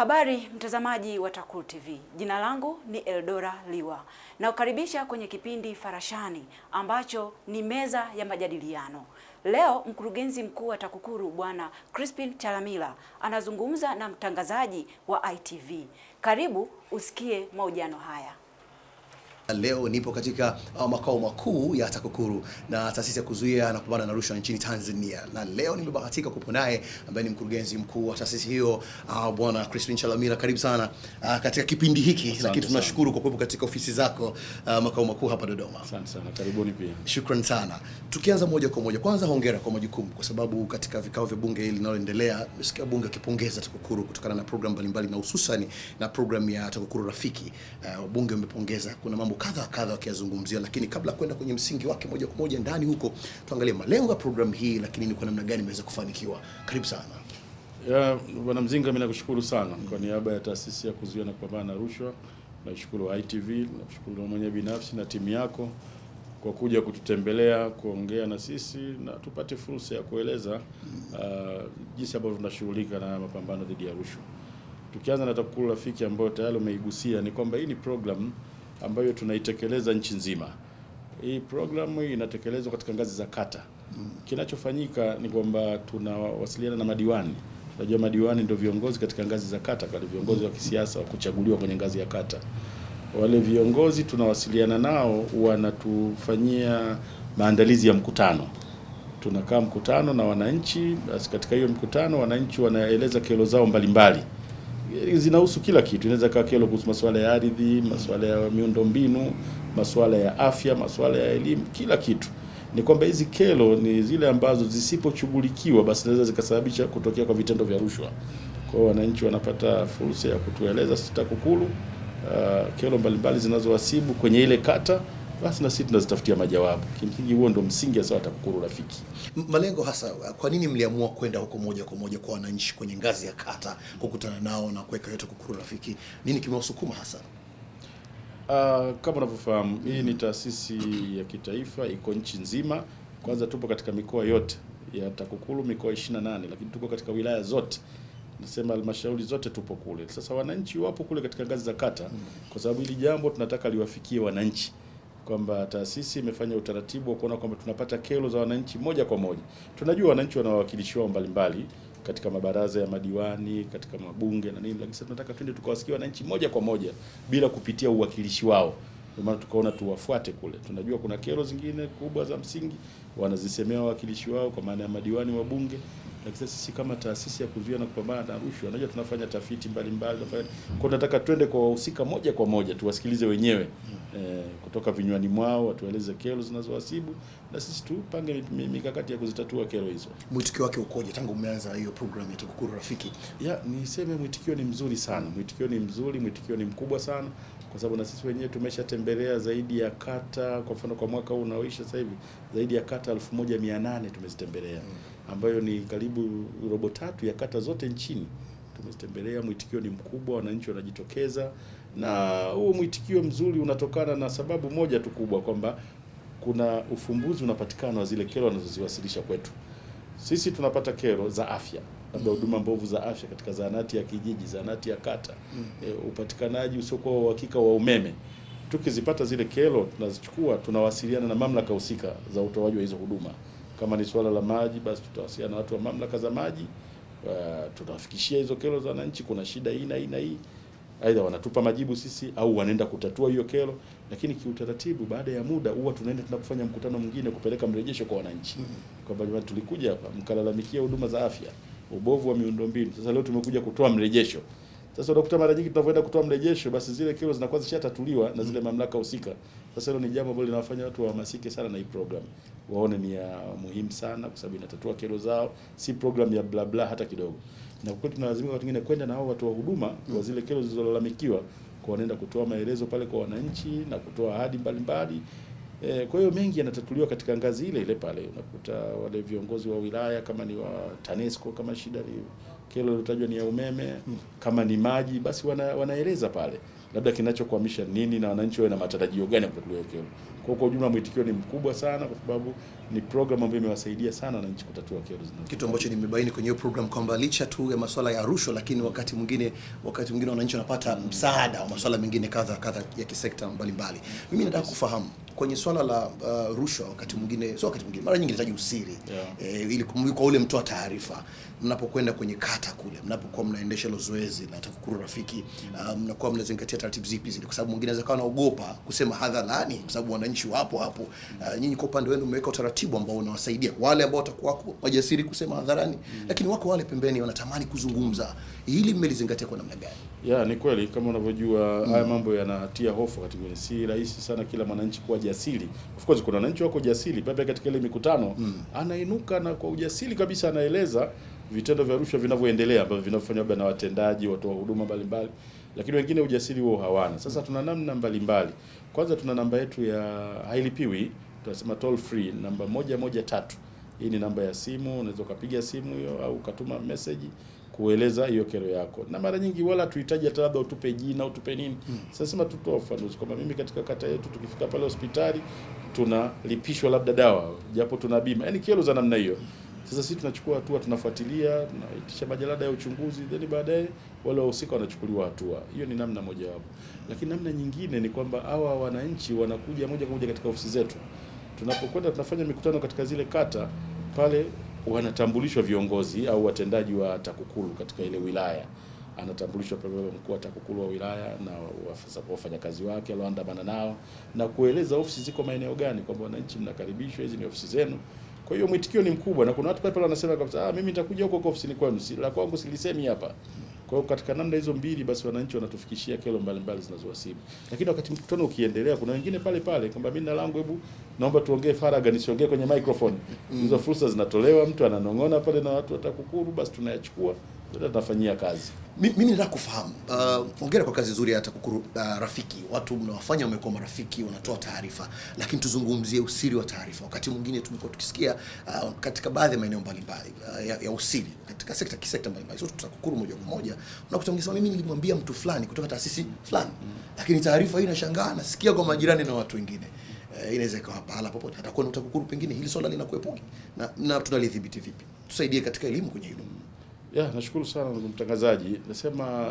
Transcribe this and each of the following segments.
Habari mtazamaji wa Takuru TV, jina langu ni Eldora Liwa, nakukaribisha kwenye kipindi Farashani ambacho ni meza ya majadiliano. Leo mkurugenzi mkuu wa TAKUKURU Bwana Crispin Chalamila anazungumza na mtangazaji wa ITV. Karibu usikie mahojiano haya. Leo nipo katika uh, makao makuu ya TAKUKURU na taasisi ya kuzuia na kupambana na rushwa nchini Tanzania, na leo nimebahatika kupo naye ambaye ni mkurugenzi mkuu wa taasisi hiyo uh, Bwana Crispin Chalamila, karibu sana uh, katika kipindi hiki, lakini tunashukuru kwa kuwepo katika ofisi zako uh, makao makuu hapa Dodoma. Asante sana, karibuni pia. Shukrani sana. Tukianza moja kwa moja, kwanza hongera kwa majukumu, kwa sababu katika vikao vya bunge hili linaloendelea nimesikia bunge akipongeza TAKUKURU kutokana na programu mbalimbali na hususan na programu ya TAKUKURU Rafiki. Uh, bunge umepongeza, kuna mambo kadha kadha wakiyazungumzia, lakini kabla kwenda kwenye msingi wake moja kwa moja ndani huko, tuangalie malengo ya programu hii, lakini ni kwa namna gani imeweza kufanikiwa. Karibu sana. Ya, Bwana Mzinga, mimi nakushukuru sana kwa niaba ya taasisi ya kuzuia na kupambana na rushwa. Nashukuru ITV, nashukuru mwenyewe binafsi na timu yako kwa kuja kututembelea kuongea na sisi na tupate fursa ya kueleza uh, jinsi ambavyo tunashughulika na mapambano dhidi ya rushwa. Tukianza na takukuru rafiki ambayo tayari umeigusia, ni kwamba hii ni program ambayo tunaitekeleza nchi nzima. Hii programu inatekelezwa katika ngazi za kata. Kinachofanyika ni kwamba tunawasiliana na madiwani. Unajua, madiwani ndio viongozi katika ngazi za kata, wale viongozi wa kisiasa wa kuchaguliwa kwenye ngazi ya kata. Wale viongozi tunawasiliana nao, wanatufanyia maandalizi ya mkutano. Tunakaa mkutano na wananchi, basi katika hiyo mkutano wananchi wanaeleza kero zao mbalimbali zinahusu kila kitu. Inaweza kaa kero kuhusu masuala ya ardhi, masuala ya miundombinu, masuala ya afya, masuala ya elimu, kila kitu. Ni kwamba hizi kero ni zile ambazo zisipochughulikiwa, basi zinaweza zikasababisha kutokea kwa vitendo vya rushwa. Kwa hiyo wananchi wanapata fursa ya kutueleza sisi TAKUKURU uh, ah, kero mbalimbali zinazowasibu kwenye ile kata basi na sisi tunazitafutia majawabu. Kimsingi huo ndo msingi hasa wa TAKUKURU Rafiki. Malengo hasa, kwa nini mliamua kwenda huko moja kwa moja kwa wananchi kwenye ngazi ya kata kukutana nao na kuweka yote TAKUKURU Rafiki? Nini kimewasukuma hasa? Uh, kama unavyofahamu mm, hii ni taasisi ya kitaifa, iko nchi nzima. Kwanza tupo katika mikoa yote ya TAKUKURU, mikoa 28, lakini tuko katika wilaya zote nasema halmashauri zote tupo kule. Sasa wananchi wapo kule katika ngazi za kata, hmm. kwa sababu hili jambo tunataka liwafikie wananchi kwamba taasisi imefanya utaratibu wa kuona kwamba tunapata kero za wananchi moja kwa moja. Tunajua wananchi wana wawakilishi wao mbalimbali katika mabaraza ya madiwani, katika mabunge na nini, lakini sasa tunataka twende tukawasikia wananchi moja kwa moja bila kupitia uwakilishi wao. Ndio maana tukaona tuwafuate kule. Tunajua kuna kero zingine kubwa za msingi wanazisemea wawakilishi wao, kwa maana ya madiwani, wabunge, na sisi kama taasisi ya kuzuia na kupambana na rushwa, unajua tunafanya tafiti mbalimbali mbali, kwa nataka twende kwa wahusika moja kwa moja tuwasikilize wenyewe e, kutoka vinywani mwao watueleze kero zinazowasibu na sisi tupange mikakati ya kuzitatua kero hizo. Mwitikio wake ukoje tangu umeanza hiyo program ya TAKUKURU Rafiki? Ya, niseme mwitikio ni mzuri sana, mwitikio ni mzuri, mwitikio ni mkubwa sana kwa sababu na sisi wenyewe tumeshatembelea zaidi ya kata, kwa mfano kwa mwaka huu unaoisha sasa hivi zaidi ya kata 1800 tumezitembelea mm ambayo ni karibu robo tatu ya kata zote nchini tumezitembelea. Mwitikio ni mkubwa, wananchi wanajitokeza, na huo mwitikio mzuri unatokana na sababu moja tu kubwa, kwamba kuna ufumbuzi unapatikana wa zile kero wanazoziwasilisha kwetu. Sisi tunapata kero za afya, labda huduma mbovu za afya katika zahanati ya kijiji, zahanati ya kata, e, upatikanaji usiokuwa wa uhakika wa umeme. Tukizipata zile kero, tunazichukua tunawasiliana na mamlaka husika za utoaji wa hizo huduma. Kama ni swala la maji, basi tutawasiliana na watu wa mamlaka za maji, tutawafikishia hizo kero za wananchi, kuna shida hii na hii na hii. Aidha wanatupa majibu sisi au wanaenda kutatua hiyo kero, lakini kiutaratibu, baada ya muda huwa tunaenda tunakufanya mkutano mwingine kupeleka mrejesho kwa wananchi mm-hmm. kwamba jamani, tulikuja hapa mkalalamikia huduma za afya, ubovu wa miundombinu, sasa leo tumekuja kutoa mrejesho. Sasa unakuta mara nyingi tunapoenda kutoa mrejesho, basi zile kero zinakuwa zishatatuliwa na zile mamlaka husika. Sasa hilo ni jambo ambalo linawafanya watu wahamasike sana na hii program, waone ni ya muhimu sana, kwa sababu inatatua kero zao, si program ya bla bla hata kidogo. Na kwa tunalazimika watu wengine kwenda na hao watu wa huduma kwa zile kero zilizolalamikiwa, kwa wanaenda kutoa maelezo pale kwa wananchi na kutoa ahadi mbalimbali. E, kwa hiyo mengi yanatatuliwa katika ngazi ile ile pale, unakuta wale viongozi wa wilaya kama ni wa TANESCO kama shida ni kero lilotajwa ni ya umeme hmm. Kama ni maji basi wana, wanaeleza pale labda kinachokwamisha nini na wananchi wawe na matarajio gani ya kutatuliwa kero. Kwa kwa ujumla mwitikio ni mkubwa sana, kwa sababu ni programu ambayo imewasaidia sana wananchi kutatua kero zinazo. Kitu ambacho nimebaini kwenye hiyo program kwamba licha tu ya masuala ya rushwa, lakini wakati mwingine wakati mwingine wananchi wanapata msaada wa masuala mengine kadha kadha ya kisekta mbalimbali. Mimi nataka kufahamu kwenye swala la uh, rushwa, wakati mwingine sio wakati mwingine, mara nyingi inahitaji usiri yeah. E, ili kwa ule mtoa taarifa, mnapokwenda kwenye kata kule, mnapokuwa mnaendesha hilo zoezi la TAKUKURU Rafiki uh, mnakuwa mnazingatia taratibu zipi zile? Kwa sababu mwingine anaweza kawa anaogopa kusema hadharani, kwa sababu wananchi wapo hapo. Mm. Uh, nyinyi kwa upande wenu mmeweka utaratibu ambao unawasaidia wale ambao watakuwa wako wajasiri kusema hadharani mm. Lakini wako wale pembeni wanatamani kuzungumza, hili mmelizingatia kwa namna gani? Yeah, ni kweli kama unavyojua mm. haya mambo yanatia hofu, wakati mwingine si rahisi sana kila mwananchi kuwa jasiri. Of course kuna wananchi wako jasiri, pepe katika ile mikutano mm. anainuka na kwa ujasiri kabisa anaeleza vitendo vya rushwa vinavyoendelea ambavyo vinafanywa na watendaji, watoa huduma mbalimbali, lakini wengine ujasiri huo hawana. Sasa mm. tuna namna mbalimbali. Kwanza tuna namba yetu ya hailipiwi, tunasema toll free namba moja moja tatu. Hii ni namba ya simu, unaweza ukapiga simu hiyo au ukatuma message kueleza hiyo kero yako, na mara nyingi wala tuhitaji hata labda utupe jina utupe nini Mm. Sasa sema tutoa ufafanuzi kwamba mimi katika kata yetu tukifika pale hospitali tunalipishwa labda dawa japo tuna bima, yani kero za namna hiyo. Sasa sisi tunachukua hatua, tunafuatilia, tunaitisha majalada ya uchunguzi, then baadaye wale wahusika wanachukuliwa hatua. Hiyo ni namna moja wapo, lakini namna nyingine ni kwamba hawa wananchi wanakuja moja kwa moja katika ofisi zetu, tunapokwenda tunafanya mikutano katika zile kata pale wanatambulishwa viongozi au watendaji wa TAKUKURU katika ile wilaya, anatambulishwa mkuu wa TAKUKURU wa wilaya na wafanyakazi wake aloandamana nao na kueleza ofisi ziko maeneo gani, kwamba wananchi mnakaribishwa, hizi ni ofisi zenu. Kwa hiyo mwitikio ni mkubwa, na kuna watu pale wanasema kwamba ah, mimi nitakuja huko ofisini kwenu, si la kwangu silisemi hapa. Kwa hiyo katika namna hizo mbili basi wananchi wanatufikishia kero mbalimbali zinazowasibu. Lakini wakati mkutano ukiendelea, kuna wengine pale pale kwamba mimi na langu, hebu naomba tuongee faraga nisiongee kwenye microphone. Mm. Hizo mm. fursa zinatolewa, mtu ananong'ona pale na watu watakukuru, basi tunayachukua tutafanyia kazi. Mimi nataka kufahamu uh, ongera kwa kazi nzuri ya TAKUKURU uh, rafiki, watu mnawafanya wamekuwa marafiki, wanatoa taarifa, lakini tuzungumzie usiri wa taarifa. Wakati mwingine tumekuwa tukisikia uh, katika baadhi ya maeneo mbalimbali uh, ya, ya usiri katika sekta kisekta mbalimbali, sio TAKUKURU moja kwa moja, unakuta mngesema mimi nilimwambia mtu fulani kutoka taasisi fulani mm. lakini taarifa hii inashangaa nasikia kwa majirani na watu wengine uh, inaweza ikawa pahala popote, hata kwa TAKUKURU pengine hili swala linakuepuki na, na tunalidhibiti vipi? Tusaidie katika elimu kwenye hilo. Ya, nashukuru sana ndugu mtangazaji. Nasema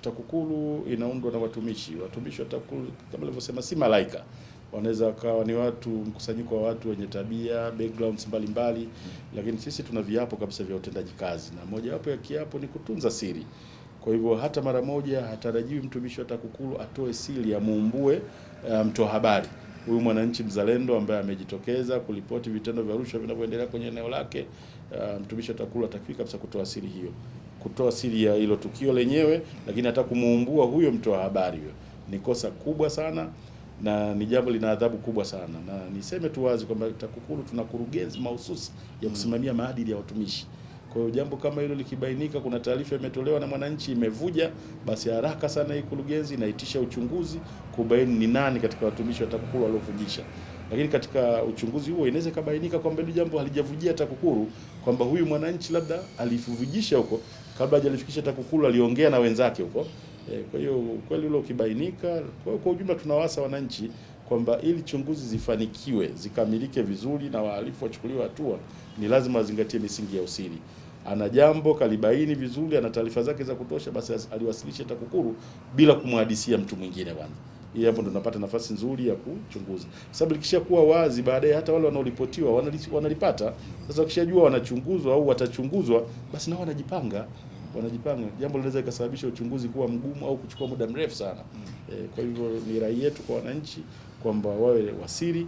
TAKUKURU inaundwa na watumishi. Watumishi wa TAKUKURU kama nilivyosema, si malaika, wanaweza wakawa ni watu, mkusanyiko wa watu wenye tabia, backgrounds mbalimbali mbali. Lakini sisi tuna viapo kabisa vya utendaji kazi na mojawapo ya kiapo ni kutunza siri. Kwa hivyo hata mara moja hatarajiwi mtumishi wa TAKUKURU atoe siri ya muumbue eh, mtoa habari huyu mwananchi mzalendo ambaye amejitokeza kulipoti vitendo vya rushwa vinavyoendelea kwenye eneo lake. Eh, mtumishi wa TAKUKURU atakiwi kabisa kutoa siri hiyo, kutoa siri ya hilo tukio lenyewe, lakini hata kumuumbua huyo mtoa habari Hiyo ni kosa kubwa sana na ni jambo lina adhabu kubwa sana, na niseme tu wazi kwamba TAKUKURU tuna kurugenzi mahususi ya kusimamia maadili ya watumishi. Kwa hiyo jambo kama hilo likibainika, kuna taarifa imetolewa na mwananchi imevuja, basi haraka sana hii kurugenzi inaitisha uchunguzi kubaini ni nani katika watumishi wa TAKUKURU waliovujisha lakini katika uchunguzi huo inaweza ikabainika kwamba hili jambo halijavujia TAKUKURU, kwamba huyu mwananchi labda alivujisha huko kabla hajalifikisha TAKUKURU, aliongea na wenzake huko. Eh, kwa hiyo kweli ule ukibainika, kwa ujumla tunawasa wananchi kwamba ili chunguzi zifanikiwe zikamilike vizuri na wahalifu wachukuliwe hatua, ni lazima azingatie misingi ya usiri. Ana jambo kalibaini vizuri, ana taarifa zake za kutosha, basi aliwasilishe TAKUKURU bila kumhadisia mtu mwingine bwana ili hapo ndo tunapata nafasi nzuri ya kuchunguza, sababu likisha kuwa wazi baadaye hata wale wanaoripotiwa wanalipata. Sasa wakishajua wanachunguzwa au watachunguzwa, basi nao wanajipanga wanajipanga jambo linaweza ikasababisha uchunguzi kuwa mgumu au kuchukua muda mrefu sana. Mm. E, kwa hivyo ni rai yetu kwa wananchi kwamba wawe wasiri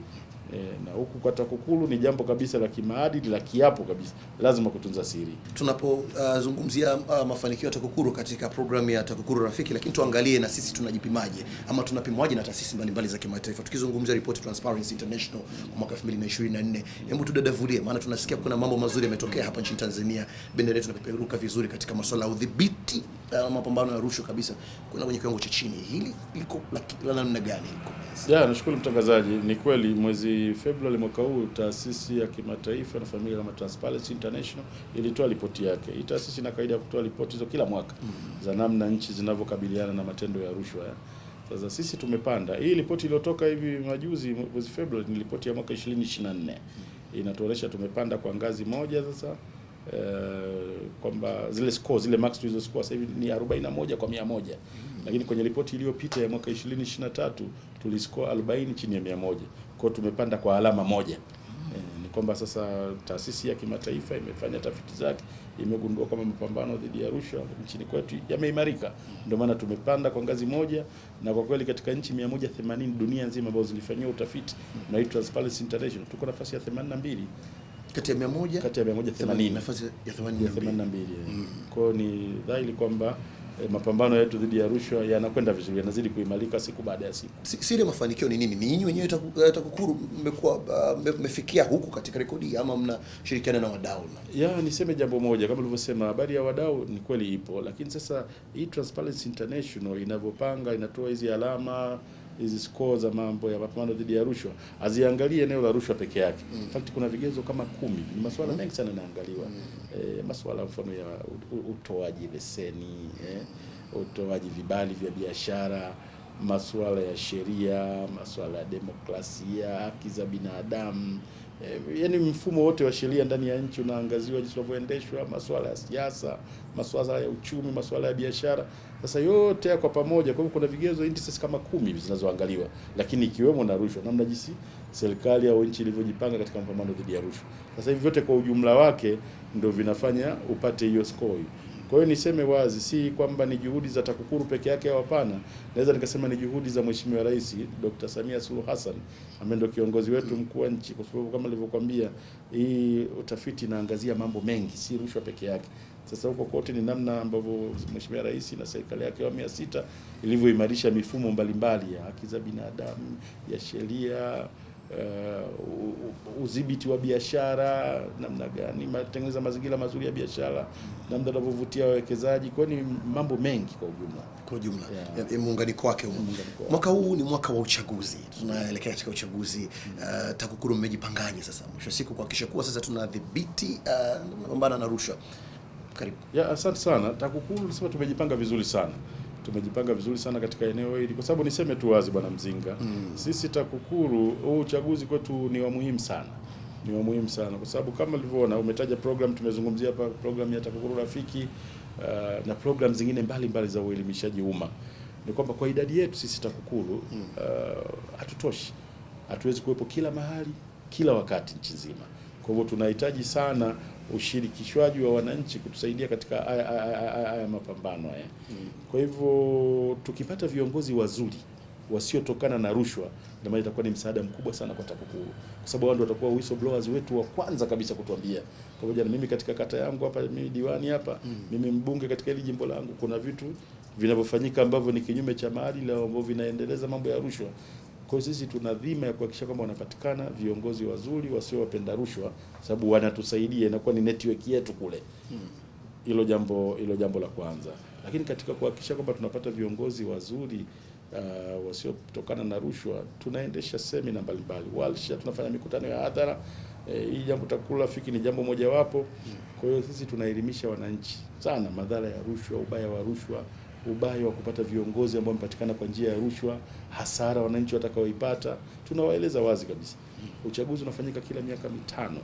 E, na huku kwa TAKUKURU ni jambo kabisa la kimaadili la kiapo kabisa, lazima kutunza siri. Tunapozungumzia ah, uh, ah, uh, mafanikio ya TAKUKURU katika programu ya TAKUKURU Rafiki, lakini tuangalie na sisi tunajipimaje ama tunapimwaje na taasisi mbalimbali za kimataifa. Tukizungumzia ripoti Transparency International kwa mwaka 2024, hebu tudadavulie, maana tunasikia kuna mambo mazuri yametokea hapa nchini Tanzania, bendera yetu inapeperuka vizuri katika masuala ya udhibiti Eh, mapambano ya rushwa kabisa kuna kwenye kiwango cha chini. Hili liko la namna gani? Yeah, nashukuru mtangazaji. Ni kweli mwezi Februari mwaka huu taasisi ya kimataifa na familia kama Transparency International ilitoa ripoti yake. Hii taasisi ina kaida ya kutoa ripoti hizo kila mwaka mm za namna nchi zinavyokabiliana na matendo ya rushwa. Sasa sisi tumepanda hii ripoti iliyotoka hivi majuzi mwezi Februari ni ripoti ya mwaka 2024 mm -hmm. inatuonesha tumepanda kwa ngazi moja sasa Eh, kwamba zile score zile marks tulizoscore sasa hivi ni 41 kwa 100 mm -hmm. Lakini kwenye ripoti iliyopita ya mwaka 2023 tuliscore 40 chini ya 100, kwa tumepanda kwa alama moja mm E, ni kwamba sasa taasisi ya kimataifa imefanya tafiti zake, imegundua kwamba mapambano dhidi ya rushwa nchini kwetu yameimarika, mm-hmm. ndio maana tumepanda kwa ngazi moja, na kwa kweli katika nchi 180 dunia nzima ambazo zilifanyiwa utafiti mm mm-hmm. na Transparency International tuko nafasi ya 82 kati ya 100 kati ya 180 nafasi ya 82. Mm. Kwa ni dhahiri kwamba E, mapambano yetu dhidi ya rushwa yanakwenda vizuri, yanazidi kuimarika siku baada ya siku. Siri ya mafanikio ni nini? Ninyi wenyewe eh, TAKUKURU mmekuwa ah, mmefikia uh, huku katika rekodi ama mnashirikiana na wadau? Ya niseme jambo moja, kama ulivyosema, habari ya wadau ni kweli ipo, lakini sasa hii Transparency International inavyopanga inatoa hizi alama hizi score za mambo ya mapambano dhidi ya rushwa aziangalie eneo la rushwa peke yake. Mm. In fact kuna vigezo kama kumi, ni masuala mm. mengi sana yanaangaliwa. Mm. E, eh, masuala mfano ya utoaji leseni, eh, utoaji vibali vya biashara masuala ya sheria, masuala ya demokrasia, haki za binadamu, e, yaani mfumo wote wa sheria ndani ya nchi unaangaziwa, jinsi unavyoendeshwa, masuala ya siasa, masuala ya uchumi, masuala ya biashara. Sasa yote kwa pamoja. Kwa hivyo kuna vigezo indices kama kumi zinazoangaliwa, lakini ikiwemo na rushwa, namna jinsi serikali au nchi ilivyojipanga katika mapambano dhidi ya rushwa. Sasa hivi vyote kwa ujumla wake ndio vinafanya upate hiyo score. Kwa hiyo niseme wazi, si kwamba ni juhudi za TAKUKURU peke yake au hapana. Naweza nikasema ni juhudi za Mheshimiwa Rais Dr. Samia Suluhu Hassan ambaye ndio kiongozi wetu mkuu wa nchi, kwa sababu kama nilivyokuambia, hii utafiti inaangazia mambo mengi, si rushwa peke yake. Sasa huko kote ni namna ambavyo Mheshimiwa Rais na serikali yake awamu ya sita ilivyoimarisha mifumo mbalimbali ya haki za binadamu, ya sheria uh, udhibiti wa biashara namna gani, matengeneza mazingira mazuri ya biashara, namna anavyovutia wawekezaji. Kwa ni mambo mengi kwa ujumla, kwa ujumla yeah. E, e, muunganiko wake huu. Mwaka huu ni mwaka wa uchaguzi, tunaelekea katika uchaguzi uh, TAKUKURU mmejipangaje sasa mwisho siku kuhakikisha kuwa sasa tunadhibiti uh, pambana na rushwa? Karibu. Yeah, asante sana. TAKUKURU nasema tumejipanga vizuri sana tumejipanga vizuri sana katika eneo hili, kwa sababu niseme tu wazi, bwana Mzinga, mm. sisi TAKUKURU huu uchaguzi kwetu ni wa muhimu sana ni wa muhimu sana kwa sababu kama ulivyoona umetaja program, tumezungumzia hapa program ya TAKUKURU Rafiki uh, na program zingine mbalimbali mbali za uelimishaji umma. Ni kwamba kwa idadi yetu sisi TAKUKURU mm. uh, hatutoshi, hatuwezi kuwepo kila mahali kila wakati nchi nzima. Kwa hivyo tunahitaji sana ushirikishwaji wa wananchi kutusaidia katika haya mapambano haya. Mm. Kwa hivyo tukipata viongozi wazuri wasiotokana na rushwa, ndio maana itakuwa ni msaada mkubwa sana kwa TAKUKURU, kwa sababu wao watakuwa whistleblowers wetu wa kwanza kabisa kutuambia, pamoja na mimi katika kata yangu hapa, mimi diwani hapa, mm. mimi mbunge katika hili jimbo langu, kuna vitu vinavyofanyika ambavyo ni kinyume cha maadili au ambavyo vinaendeleza mambo ya rushwa. Kwa hiyo sisi tuna dhima ya kuhakikisha kwamba wanapatikana viongozi wazuri wasio wapenda rushwa, sababu wanatusaidia, inakuwa ni network yetu kule. Hmm. Hilo jambo hilo jambo la kwanza, lakini katika kuhakikisha kwamba tunapata viongozi wazuri uh, ah, wasiotokana na rushwa, tunaendesha semina mbalimbali, warsha, tunafanya mikutano ya hadhara eh, hii e, jambo takula fiki ni jambo mojawapo. Hmm. Kwa hiyo sisi tunaelimisha wananchi sana madhara ya rushwa, ubaya wa rushwa ubaya wa kupata viongozi ambao wamepatikana kwa njia ya rushwa, hasara wananchi watakaoipata, tunawaeleza wazi kabisa. Uchaguzi unafanyika kila miaka mitano.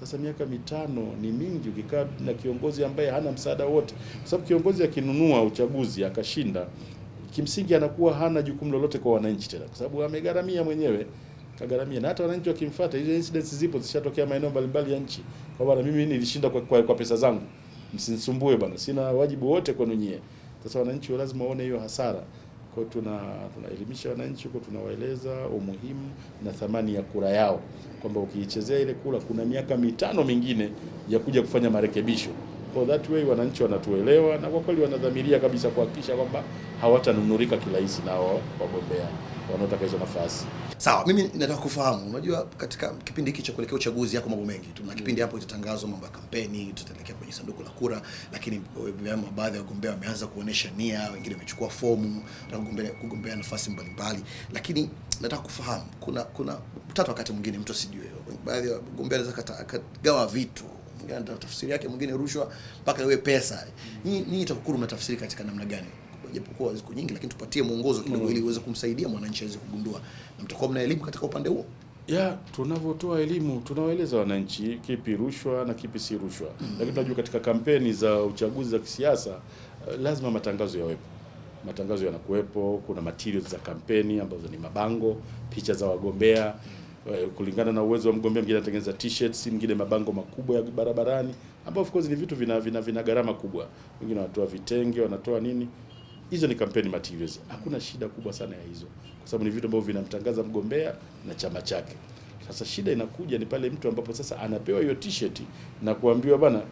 Sasa miaka mitano ni mingi ukikaa na kiongozi ambaye hana msaada wote, kwa sababu kiongozi akinunua uchaguzi akashinda, kimsingi anakuwa hana jukumu lolote kwa wananchi tena, kwa sababu amegharamia mwenyewe kagharamia na hata wananchi wakimfuata. Hizo incidents zipo, zishatokea maeneo mbalimbali ya nchi, kwa bwana, mimi nilishinda kwa, kwa, kwa pesa zangu, msinisumbue bwana, sina wajibu wote kwenu nyie. Sasa wananchi lazima waone hiyo hasara. Kwa tuna tunaelimisha wananchi huko, tunawaeleza umuhimu na thamani ya kura yao, kwamba ukiichezea ile kura kuna miaka mitano mingine ya kuja kufanya marekebisho. Kwa that way wananchi wanatuelewa na kwa kweli wanadhamiria kabisa kuhakikisha kwamba hawatanunurika kirahisi nao wagombea wanaotaka hizo nafasi. Sawa, mimi nataka kufahamu, unajua katika kipindi hiki cha kuelekea uchaguzi yako mambo mengi, tuna kipindi hapo itatangazwa mambo ya kampeni, tutaelekea kwenye sanduku la kura, lakini eh, baadhi ya wagombea wameanza kuonesha nia, wengine wamechukua fomu na kugombea nafasi mbalimbali, lakini nataka kufahamu kuna kuna tatu, wakati mwingine mtu asijue, baadhi ya wagombea wanaweza akagawa vitu Kulingana na tafsiri yake, mwingine rushwa mpaka iwe pesa. Nyinyi TAKUKURU mnatafsiri katika namna gani? Japokuwa ziko nyingi, lakini tupatie mwongozo kidogo, ili mm. uweze kumsaidia mwananchi aweze kugundua, na mtakuwa mna elimu katika upande huo ya tunavyotoa elimu tunawaeleza wananchi kipi rushwa na kipi si rushwa. mm -hmm. Lakini tunajua katika kampeni za uchaguzi za kisiasa eh, lazima matangazo yawepo, matangazo yanakuwepo. Kuna materials za kampeni ambazo ni mabango, picha za wagombea mm. Eh, kulingana na uwezo wa mgombea, mwingine anatengeneza t-shirts, mwingine mabango makubwa ya barabarani, ambao of course ni vitu vina vina, vina gharama kubwa. Wengine wanatoa vitenge, wanatoa nini. Hizo ni campaign materials, hakuna shida kubwa sana ya hizo, kwa sababu ni vitu ambavyo vinamtangaza mgombea na chama chake. Sasa shida inakuja ni pale mtu ambapo sasa anapewa hiyo t-shirt na kuambiwa bana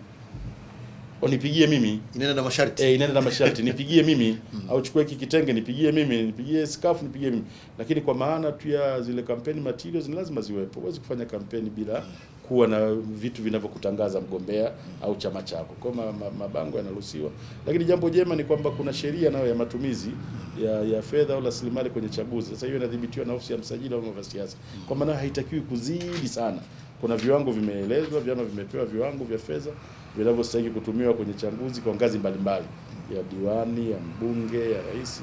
nipigie mimi, inaenda na masharti eh, inaenda na masharti nipigie mimi mm. au chukue hiki kitenge nipigie mimi, nipigie scarf nipigie mimi. Lakini kwa maana tu ya zile campaign materials ni lazima ziwepo. Huwezi kufanya kampeni bila hmm. kuwa na vitu vinavyokutangaza mgombea hmm. au chama chako. Kwa ma, ma, mabango yanaruhusiwa, lakini jambo jema ni kwamba kuna sheria nayo ya matumizi ya, ya fedha au rasilimali kwenye chaguzi. Sasa hiyo inadhibitiwa na ofisi ya msajili wa vyama vya siasa hmm. kwa maana haitakiwi kuzidi sana. Kuna viwango vimeelezwa, vyama vimepewa viwango vya fedha vinavyostahili kutumiwa kwenye chaguzi kwa ngazi mbalimbali ya diwani, ya mbunge, ya rais.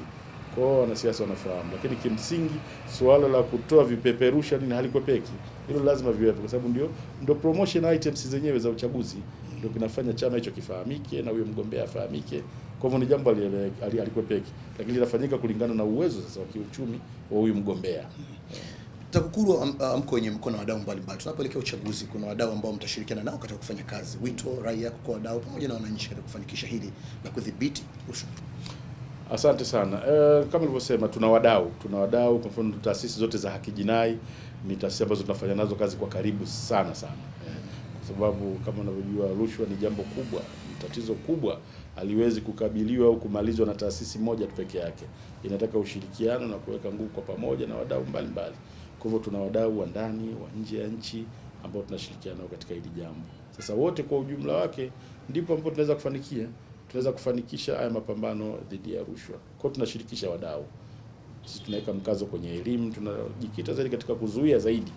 Kwa wanasiasa wanafahamu, lakini kimsingi suala la kutoa vipeperusha nini halikwepeki, hilo lazima viwepo, kwa sababu ndio ndio promotion items zenyewe za uchaguzi, ndio kinafanya chama hicho kifahamike na huyo mgombea afahamike. Kwa hivyo ni jambo alikwepeki lakini linafanyika kulingana na uwezo sasa wa kiuchumi wa huyu mgombea. TAKUKURU amko uh, wenye mkono wa wadau mbalimbali. Tunapoelekea uchaguzi, kuna wadau ambao mtashirikiana nao katika kufanya kazi, wito rai yako kwa wadau pamoja na wananchi katika kufanikisha hili na kudhibiti rushwa? Asante sana. E, kama nilivyosema, tuna wadau tuna wadau, kwa mfano taasisi zote za haki jinai ni taasisi ambazo tunafanya nazo kazi kwa karibu sana sana, kwa sababu kama unavyojua rushwa ni jambo kubwa, ni tatizo kubwa, haliwezi kukabiliwa au kumalizwa na taasisi moja tu peke yake, inataka ushirikiano na kuweka nguvu kwa pamoja na wadau mbalimbali. Kwa hivyo tuna wadau wa ndani wa nje ya nchi ambao tunashirikiana nao katika hili jambo. Sasa wote kwa ujumla wake ndipo ambapo tunaweza kufanikia, tunaweza kufanikisha haya mapambano dhidi ya rushwa. Kwa tunashirikisha wadau, sisi tunaweka mkazo kwenye elimu, tunajikita zaidi katika kuzuia zaidi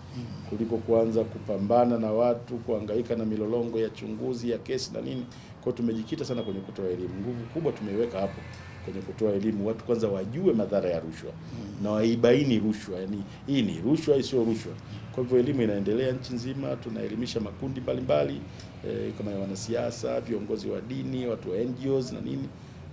kuliko kuanza kupambana na watu, kuhangaika na milolongo ya chunguzi ya kesi na nini. Kwa tumejikita sana kwenye kutoa elimu, nguvu kubwa tumeiweka hapo kwenye kutoa elimu, watu kwanza wajue madhara ya rushwa mm. na waibaini rushwa, yani hii ni rushwa, isiyo rushwa. Kwa hivyo elimu inaendelea nchi nzima, tunaelimisha makundi mbalimbali e, kama ya wanasiasa, viongozi wa dini, watu wa NGOs na nini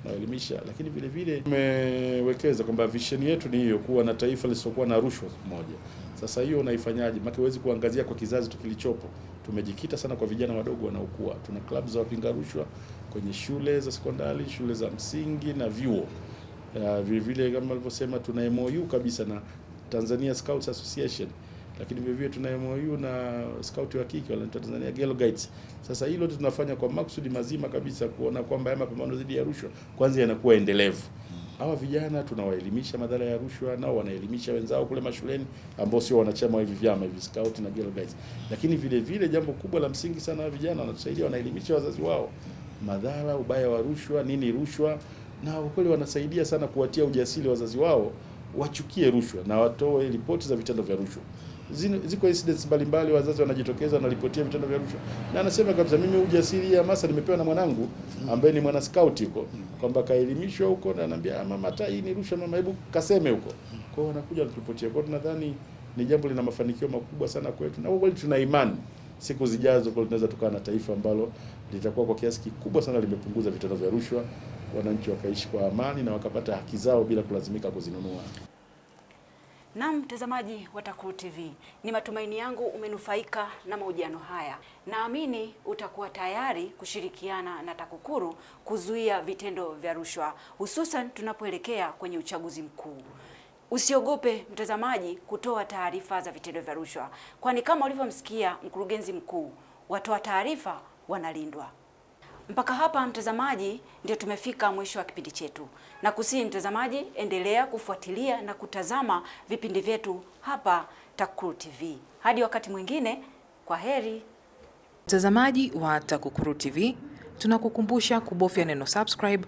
naelimisha lakini vile vile tumewekeza kwamba visheni yetu ni hiyo, kuwa na taifa lisokuwa na rushwa moja. Sasa hiyo unaifanyaje? Maana huwezi kuangazia kwa kizazi tu kilichopo. Tumejikita sana kwa vijana wadogo wanaokuwa, tuna klabu za wapinga rushwa kwenye shule za sekondari, shule za msingi na vyuo. Vile vile kama alivyosema, tuna MOU kabisa na Tanzania Scouts Association, lakini vilevile tuna MOU na scout wa kike wa Tanzania Girl Guides. Sasa hilo tunafanya kwa maksudi mazima kabisa kuona kwamba haya mapambano dhidi ya rushwa kwanza yanakuwa endelevu hawa vijana tunawaelimisha madhara ya rushwa, nao wanaelimisha wenzao kule mashuleni ambao sio wanachama wa hivi vyama hivi scout na Girl Guides. Lakini vile vile jambo kubwa la msingi sana, hawa vijana wanatusaidia, wanaelimisha wazazi wao madhara, ubaya wa rushwa, nini rushwa, na kweli wanasaidia sana kuwatia ujasiri wazazi wao wachukie rushwa na watoe ripoti za vitendo vya rushwa. Ziko incidents mbalimbali, wazazi wanajitokeza na ripotia vitendo vya rushwa, na anasema kabisa, mimi ujasiri ya masa nimepewa na mwanangu ambaye ni mwana scout huko, kwamba kaelimishwa huko na anambia, ah, mama, hata hii ni rushwa mama, hebu kaseme huko. Kwa hiyo wanakuja wanaturipotia. Kwa hiyo tunadhani ni jambo lina mafanikio makubwa sana kwetu, na kweli tuna imani siku zijazo, kwa tunaweza tukawa na taifa ambalo litakuwa kwa kiasi kikubwa sana limepunguza vitendo vya rushwa, wananchi wakaishi kwa amani na wakapata haki zao bila kulazimika kuzinunua. Na mtazamaji wa TAKUKURU TV, ni matumaini yangu umenufaika na mahojiano haya. Naamini utakuwa tayari kushirikiana na TAKUKURU kuzuia vitendo vya rushwa, hususan tunapoelekea kwenye uchaguzi mkuu. Usiogope mtazamaji kutoa taarifa za vitendo vya rushwa, kwani kama ulivyomsikia mkurugenzi mkuu, watoa taarifa wanalindwa. Mpaka hapa mtazamaji, ndio tumefika mwisho wa kipindi chetu, na kusihi mtazamaji, endelea kufuatilia na kutazama vipindi vyetu hapa TAKUKURU TV. Hadi wakati mwingine, kwa heri. Mtazamaji wa TAKUKURU TV, tunakukumbusha kubofya neno subscribe